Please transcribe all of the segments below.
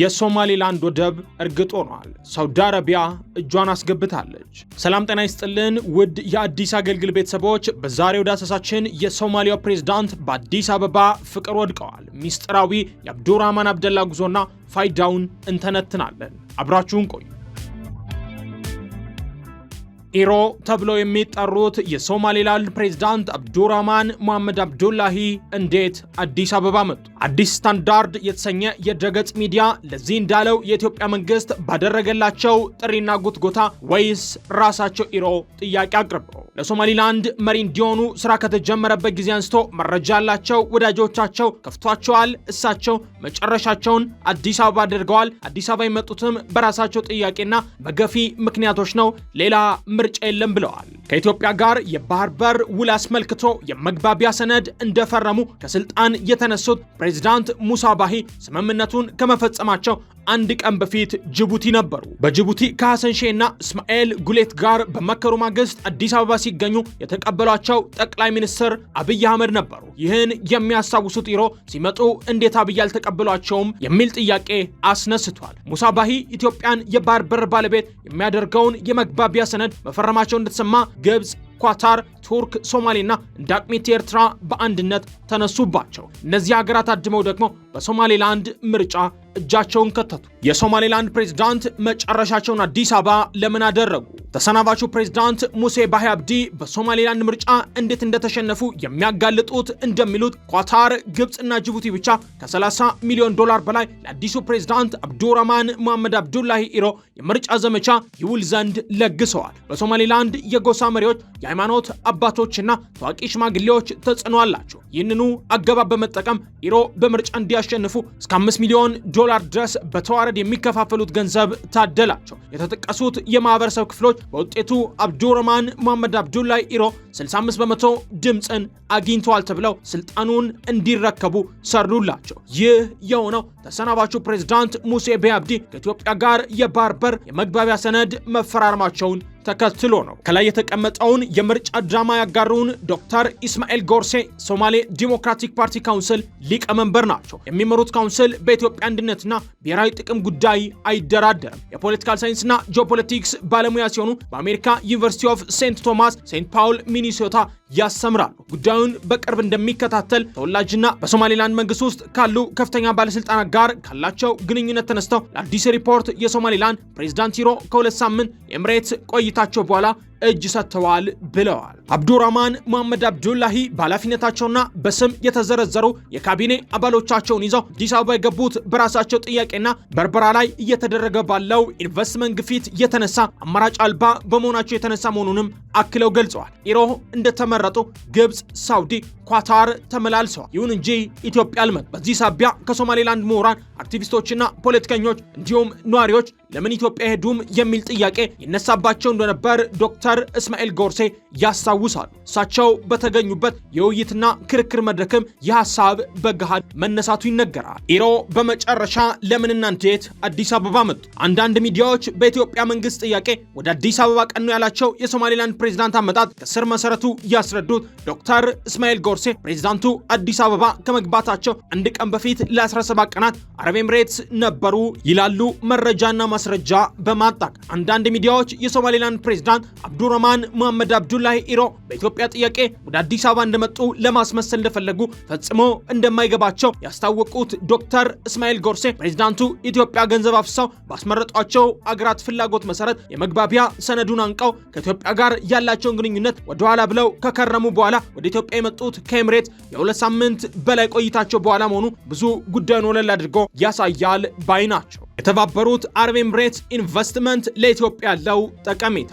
የሶማሌላንድ ወደብ እርግጥ ሆኗል። ሳውዲ አረቢያ እጇን አስገብታለች። ሰላም ጤና ይስጥልን ውድ የአዲስ አገልግል ቤተሰቦች፣ በዛሬው ዳሰሳችን የሶማሊያው ፕሬዝዳንት በአዲስ አበባ ፍቅር ወድቀዋል፣ ሚስጥራዊ የአብዱራህማን አብደላ ጉዞና ፋይዳውን እንተነትናለን። አብራችሁን ቆዩ። ኢሮ ተብለው የሚጠሩት የሶማሌላንድ ፕሬዝዳንት አብዱራማን ሙሐመድ አብዱላሂ እንዴት አዲስ አበባ መጡ? አዲስ ስታንዳርድ የተሰኘ የድረገጽ ሚዲያ ለዚህ እንዳለው የኢትዮጵያ መንግስት ባደረገላቸው ጥሪና ጉትጎታ ወይስ ራሳቸው ኢሮ ጥያቄ አቅርበው ለሶማሊላንድ መሪ እንዲሆኑ ስራ ከተጀመረበት ጊዜ አንስቶ መረጃ ያላቸው ወዳጆቻቸው ከፍቷቸዋል። እሳቸው መጨረሻቸውን አዲስ አበባ አድርገዋል። አዲስ አበባ የመጡትም በራሳቸው ጥያቄና በገፊ ምክንያቶች ነው፣ ሌላ ምርጫ የለም ብለዋል። ከኢትዮጵያ ጋር የባህር በር ውል አስመልክቶ የመግባቢያ ሰነድ እንደፈረሙ ከስልጣን የተነሱት ፕሬዚዳንት ሙሳ ባሂ ስምምነቱን ከመፈጸማቸው አንድ ቀን በፊት ጅቡቲ ነበሩ። በጅቡቲ ከሐሰን ሼህና እስማኤል ጉሌት ጋር በመከሩ ማግስት አዲስ አበባ ሲገኙ የተቀበሏቸው ጠቅላይ ሚኒስትር አብይ አህመድ ነበሩ። ይህን የሚያስታውሱት ኢሮ ሲመጡ እንዴት አብይ አልተቀበሏቸውም የሚል ጥያቄ አስነስቷል። ሙሳ ባሂ ኢትዮጵያን የባህር በር ባለቤት የሚያደርገውን የመግባቢያ ሰነድ መፈረማቸው እንደተሰማ ግብፅ ኳታር፣ ቱርክ፣ ሶማሌና እንደ አቅሚት ኤርትራ በአንድነት ተነሱባቸው። እነዚህ ሀገራት አድመው ደግሞ በሶማሌላንድ ምርጫ እጃቸውን ከተቱ። የሶማሌላንድ ፕሬዝዳንት መጨረሻቸውን አዲስ አበባ ለምን አደረጉ? ተሰናባቹ ፕሬዝዳንት ሙሴ ባህ አብዲ በሶማሌላንድ ምርጫ እንዴት እንደተሸነፉ የሚያጋልጡት እንደሚሉት ኳታር፣ ግብፅና ጅቡቲ ብቻ ከ30 ሚሊዮን ዶላር በላይ ለአዲሱ ፕሬዝዳንት አብዱራማን መሐመድ አብዱላሂ ኢሮ የምርጫ ዘመቻ ይውል ዘንድ ለግሰዋል። በሶማሌላንድ የጎሳ መሪዎች፣ የሃይማኖት አባቶችና ታዋቂ ሽማግሌዎች ተጽዕኖ አላቸው። ይህንኑ አገባብ በመጠቀም ኢሮ በምርጫ እንዲያ ሲያሸንፉ እስከ 5 ሚሊዮን ዶላር ድረስ በተዋረድ የሚከፋፈሉት ገንዘብ ታደላቸው። የተጠቀሱት የማህበረሰብ ክፍሎች በውጤቱ አብዱረማን መሐመድ አብዱላይ ኢሮ 65 በመቶ ድምፅን አግኝተዋል ተብለው ስልጣኑን እንዲረከቡ ሰሩላቸው። ይህ የሆነው ተሰናባቹ ፕሬዝዳንት ሙሴ ቢያብዲ ከኢትዮጵያ ጋር የባህር በር የመግባቢያ ሰነድ መፈራረማቸውን ተከትሎ ነው። ከላይ የተቀመጠውን የምርጫ ድራማ ያጋሩን ዶክተር ኢስማኤል ጎርሴ ሶማሌ ዲሞክራቲክ ፓርቲ ካውንስል ሊቀመንበር ናቸው። የሚመሩት ካውንስል በኢትዮጵያ አንድነትና ብሔራዊ ጥቅም ጉዳይ አይደራደርም። የፖለቲካል ሳይንስና ጂኦፖለቲክስ ባለሙያ ሲሆኑ በአሜሪካ ዩኒቨርሲቲ ኦፍ ሴንት ቶማስ ሴንት ፓውል ሚኒሶታ ያሰምራሉ። ጉዳዩን በቅርብ እንደሚከታተል ተወላጅና በሶማሌላንድ መንግስት ውስጥ ካሉ ከፍተኛ ባለስልጣናት ጋር ካላቸው ግንኙነት ተነስተው ለአዲስ ሪፖርት የሶማሌላንድ ፕሬዚዳንት ሂሮ ከሁለት ሳምንት የምሬት ቆይ። ቆይታቸው በኋላ እጅ ሰጥተዋል ብለዋል። አብዱራህማን መሐመድ አብዱላሂ በኃላፊነታቸውና በስም የተዘረዘሩ የካቢኔ አባሎቻቸውን ይዘው አዲስ አበባ የገቡት በራሳቸው ጥያቄና በርበራ ላይ እየተደረገ ባለው ኢንቨስትመንት ግፊት የተነሳ አማራጭ አልባ በመሆናቸው የተነሳ መሆኑንም አክለው ገልጸዋል። ኢሮ እንደተመረጡ ግብፅ፣ ሳውዲ፣ ኳታር ተመላልሰዋል። ይሁን እንጂ ኢትዮጵያ አልመጡ። በዚህ ሳቢያ ከሶማሌላንድ ምሁራን፣ አክቲቪስቶችና ፖለቲከኞች እንዲሁም ነዋሪዎች ለምን ኢትዮጵያ ሄዱም የሚል ጥያቄ ይነሳባቸው እንደነበር ዶክተር ዶክተር እስማኤል ጎርሴ ያስታውሳሉ። እሳቸው በተገኙበት የውይይትና ክርክር መድረክም የሀሳብ በገሃድ መነሳቱ ይነገራል። ኢሮ በመጨረሻ ለምንና እንዴት አዲስ አበባ መጡ? አንዳንድ ሚዲያዎች በኢትዮጵያ መንግስት ጥያቄ ወደ አዲስ አበባ ቀኑ ያላቸው የሶማሌላንድ ፕሬዚዳንት አመጣጥ ከስር መሰረቱ ያስረዱት ዶክተር እስማኤል ጎርሴ ፕሬዚዳንቱ አዲስ አበባ ከመግባታቸው አንድ ቀን በፊት ለ17 ቀናት አረብ ኤምሬትስ ነበሩ ይላሉ መረጃና ማስረጃ በማጣቅ አንዳንድ ሚዲያዎች የሶማሌላንድ ፕሬዚዳንት አብዱረማን መሐመድ አብዱላሂ ኢሮ በኢትዮጵያ ጥያቄ ወደ አዲስ አበባ እንደመጡ ለማስመሰል እንደፈለጉ ፈጽሞ እንደማይገባቸው ያስታወቁት ዶክተር እስማኤል ጎርሴ ፕሬዚዳንቱ ኢትዮጵያ ገንዘብ አፍሳው ባስመረጧቸው አገራት ፍላጎት መሰረት የመግባቢያ ሰነዱን አንቀው ከኢትዮጵያ ጋር ያላቸውን ግንኙነት ወደኋላ ብለው ከከረሙ በኋላ ወደ ኢትዮጵያ የመጡት ከኤምሬት የሁለት ሳምንት በላይ ቆይታቸው በኋላ መሆኑ ብዙ ጉዳዩን ወለል አድርጎ ያሳያል ባይ ናቸው። የተባበሩት አረብ ኤምሬት ኢንቨስትመንት ለኢትዮጵያ ያለው ጠቀሜታ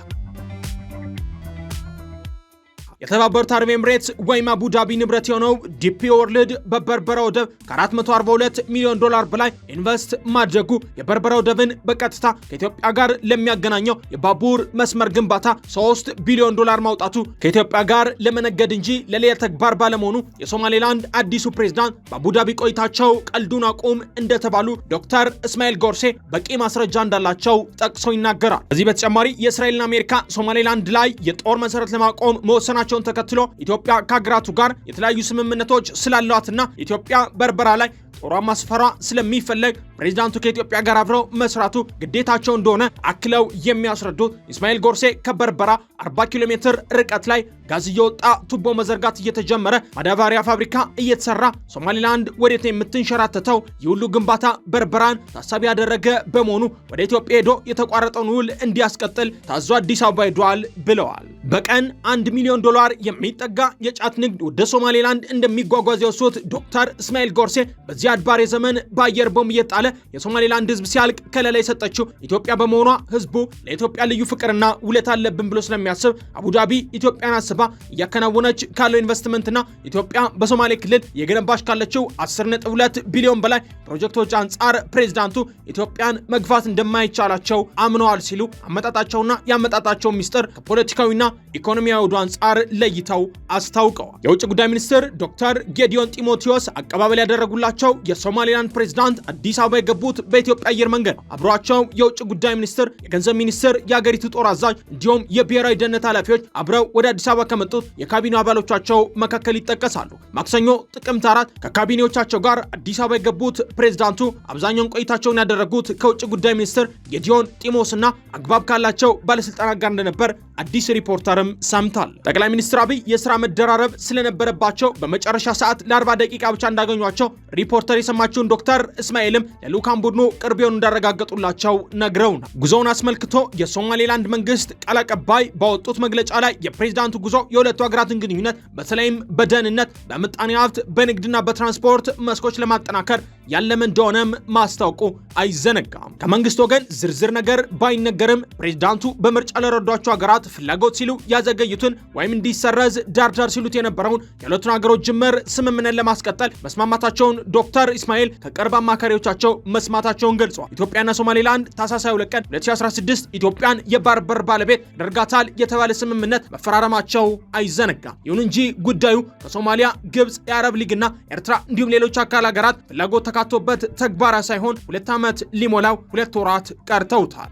የተባበሩት አረብ ኤምሬትስ ወይም አቡዳቢ ንብረት የሆነው ዲፒ ወርልድ በበርበራ ወደብ ከ442 ሚሊዮን ዶላር በላይ ኢንቨስት ማድረጉ የበርበራ ወደብን በቀጥታ ከኢትዮጵያ ጋር ለሚያገናኘው የባቡር መስመር ግንባታ 3 ቢሊዮን ዶላር ማውጣቱ ከኢትዮጵያ ጋር ለመነገድ እንጂ ለሌላ ተግባር ባለመሆኑ የሶማሌላንድ አዲሱ ፕሬዝዳንት በአቡዳቢ ቆይታቸው ቀልዱን አቁም እንደተባሉ ዶክተር እስማኤል ጎርሴ በቂ ማስረጃ እንዳላቸው ጠቅሶ ይናገራል። ከዚህ በተጨማሪ የእስራኤልና አሜሪካ ሶማሌላንድ ላይ የጦር መሰረት ለማቆም መወሰናቸው መሆናቸውን ተከትሎ ኢትዮጵያ ከሀገራቱ ጋር የተለያዩ ስምምነቶች ስላሏትና ኢትዮጵያ በርበራ ላይ ጦሯን ማስፈራ ስለሚፈለግ ፕሬዚዳንቱ ከኢትዮጵያ ጋር አብረው መስራቱ ግዴታቸው እንደሆነ አክለው የሚያስረዱት ኢስማኤል ጎርሴ ከበርበራ 40 ኪሎ ሜትር ርቀት ላይ ጋዝ እየወጣ ቱቦ መዘርጋት እየተጀመረ ማዳበሪያ ፋብሪካ እየተሰራ ሶማሊላንድ ወዴት የምትንሸራተተው የሁሉ ግንባታ በርበራን ታሳቢ ያደረገ በመሆኑ ወደ ኢትዮጵያ ሄዶ የተቋረጠውን ውል እንዲያስቀጥል ታዞ አዲስ አበባ ሄዷል ብለዋል። በቀን አንድ ሚሊዮን ዶላር የሚጠጋ የጫት ንግድ ወደ ሶማሌላንድ እንደሚጓጓዝ የወሱት ዶክተር እስማኤል ጎርሴ በዚህ ዚያድ ባሬ ዘመን በአየር ቦምብ እየጣለ የሶማሌላንድ ህዝብ ሲያልቅ ከለላ የሰጠችው ኢትዮጵያ በመሆኗ ህዝቡ ለኢትዮጵያ ልዩ ፍቅርና ውለታ አለብን ብሎ ስለሚያስብ አቡዳቢ ኢትዮጵያን አስባ እያከናወነች ካለው ኢንቨስትመንትና ኢትዮጵያ በሶማሌ ክልል የገነባች ካለችው 12 ቢሊዮን በላይ ፕሮጀክቶች አንጻር ፕሬዝዳንቱ ኢትዮጵያን መግፋት እንደማይቻላቸው አምነዋል ሲሉ አመጣጣቸውና ያመጣጣቸው ሚስጥር ከፖለቲካዊና ኢኮኖሚያዊ ወዱ አንጻር ለይተው አስታውቀዋል። የውጭ ጉዳይ ሚኒስትር ዶክተር ጌዲዮን ጢሞቴዎስ አቀባበል ያደረጉላቸው ተከትለው የሶማሌላንድ ፕሬዝዳንት አዲስ አበባ የገቡት በኢትዮጵያ አየር መንገድ አብሯቸው የውጭ ጉዳይ ሚኒስትር፣ የገንዘብ ሚኒስትር፣ የአገሪቱ ጦር አዛዥ እንዲሁም የብሔራዊ ደህንነት ኃላፊዎች አብረው ወደ አዲስ አበባ ከመጡት የካቢኔ አባሎቻቸው መካከል ይጠቀሳሉ። ማክሰኞ ጥቅምት አራት ከካቢኔዎቻቸው ጋር አዲስ አበባ የገቡት ፕሬዝዳንቱ አብዛኛውን ቆይታቸውን ያደረጉት ከውጭ ጉዳይ ሚኒስትር ጌዲዮን ጢሞስና አግባብ ካላቸው ባለስልጣናት ጋር እንደነበር አዲስ ሪፖርተርም ሰምታል። ጠቅላይ ሚኒስትር አብይ የስራ መደራረብ ስለነበረባቸው በመጨረሻ ሰዓት ለ40 ደቂቃ ብቻ እንዳገኟቸው ሪፖርተር የሰማችውን ዶክተር እስማኤልም ለልዑካን ቡድኑ ቅርቤውን እንዳረጋገጡላቸው ነው። ጉዞውን አስመልክቶ የሶማሌላንድ መንግስት ቃል አቀባይ ባወጡት መግለጫ ላይ የፕሬዚዳንቱ ጉዞ የሁለቱ ሀገራትን ግንኙነት በተለይም በደህንነት፣ በምጣኔ ሀብት፣ በንግድና በትራንስፖርት መስኮች ለማጠናከር ያለመ እንደሆነም ማስታወቁ አይዘነጋም። ከመንግስት ወገን ዝርዝር ነገር ባይነገርም ፕሬዚዳንቱ በምርጫ ለረዷቸው ሀገራት የማጥፋት ፍላጎት ሲሉ ያዘገዩትን ወይም እንዲሰረዝ ዳርዳር ሲሉት የነበረውን የሁለቱን ሀገሮች ጅምር ስምምነት ለማስቀጠል መስማማታቸውን ዶክተር ኢስማኤል ከቅርብ አማካሪዎቻቸው መስማታቸውን ገልጿል። ኢትዮጵያና ሶማሌላንድ ታህሳስ 22 ቀን 2016 ኢትዮጵያን የባርበር ባለቤት ያደርጋታል የተባለ ስምምነት መፈራረማቸው አይዘነጋም። ይሁን እንጂ ጉዳዩ ከሶማሊያ፣ ግብፅ፣ የአረብ ሊግና ኤርትራ እንዲሁም ሌሎች አካል ሀገራት ፍላጎት ተካቶበት ተግባራዊ ሳይሆን ሁለት ዓመት ሊሞላው ሁለት ወራት ቀርተውታል።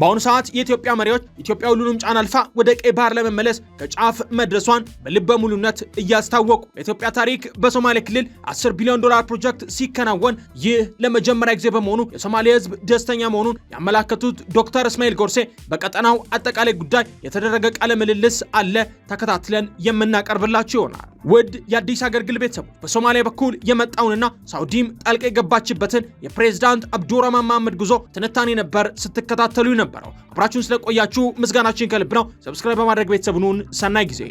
በአሁኑ ሰዓት የኢትዮጵያ መሪዎች ኢትዮጵያ ሁሉንም ጫና አልፋ ወደ ቀይ ባህር ለመመለስ ከጫፍ መድረሷን በልበ ሙሉነት እያስታወቁ በኢትዮጵያ ታሪክ በሶማሌ ክልል 10 ቢሊዮን ዶላር ፕሮጀክት ሲከናወን ይህ ለመጀመሪያ ጊዜ በመሆኑ የሶማሌ ሕዝብ ደስተኛ መሆኑን ያመላከቱት ዶክተር እስማኤል ጎርሴ በቀጠናው አጠቃላይ ጉዳይ የተደረገ ቃለ ምልልስ አለ። ተከታትለን የምናቀርብላችሁ ይሆናል። ውድ የአዲስ አገር ግል ቤተሰቦች በሶማሊያ በኩል የመጣውንና ሳውዲም ጣልቃ የገባችበትን የፕሬዝዳንት አብዱራማን መሐመድ ጉዞ ትንታኔ ነበር ስትከታተሉ የነበረው። አብራችሁን ስለቆያችሁ ምስጋናችን ከልብ ነው። ሰብስክራይብ በማድረግ ቤተሰቡን ሰናይ ጊዜ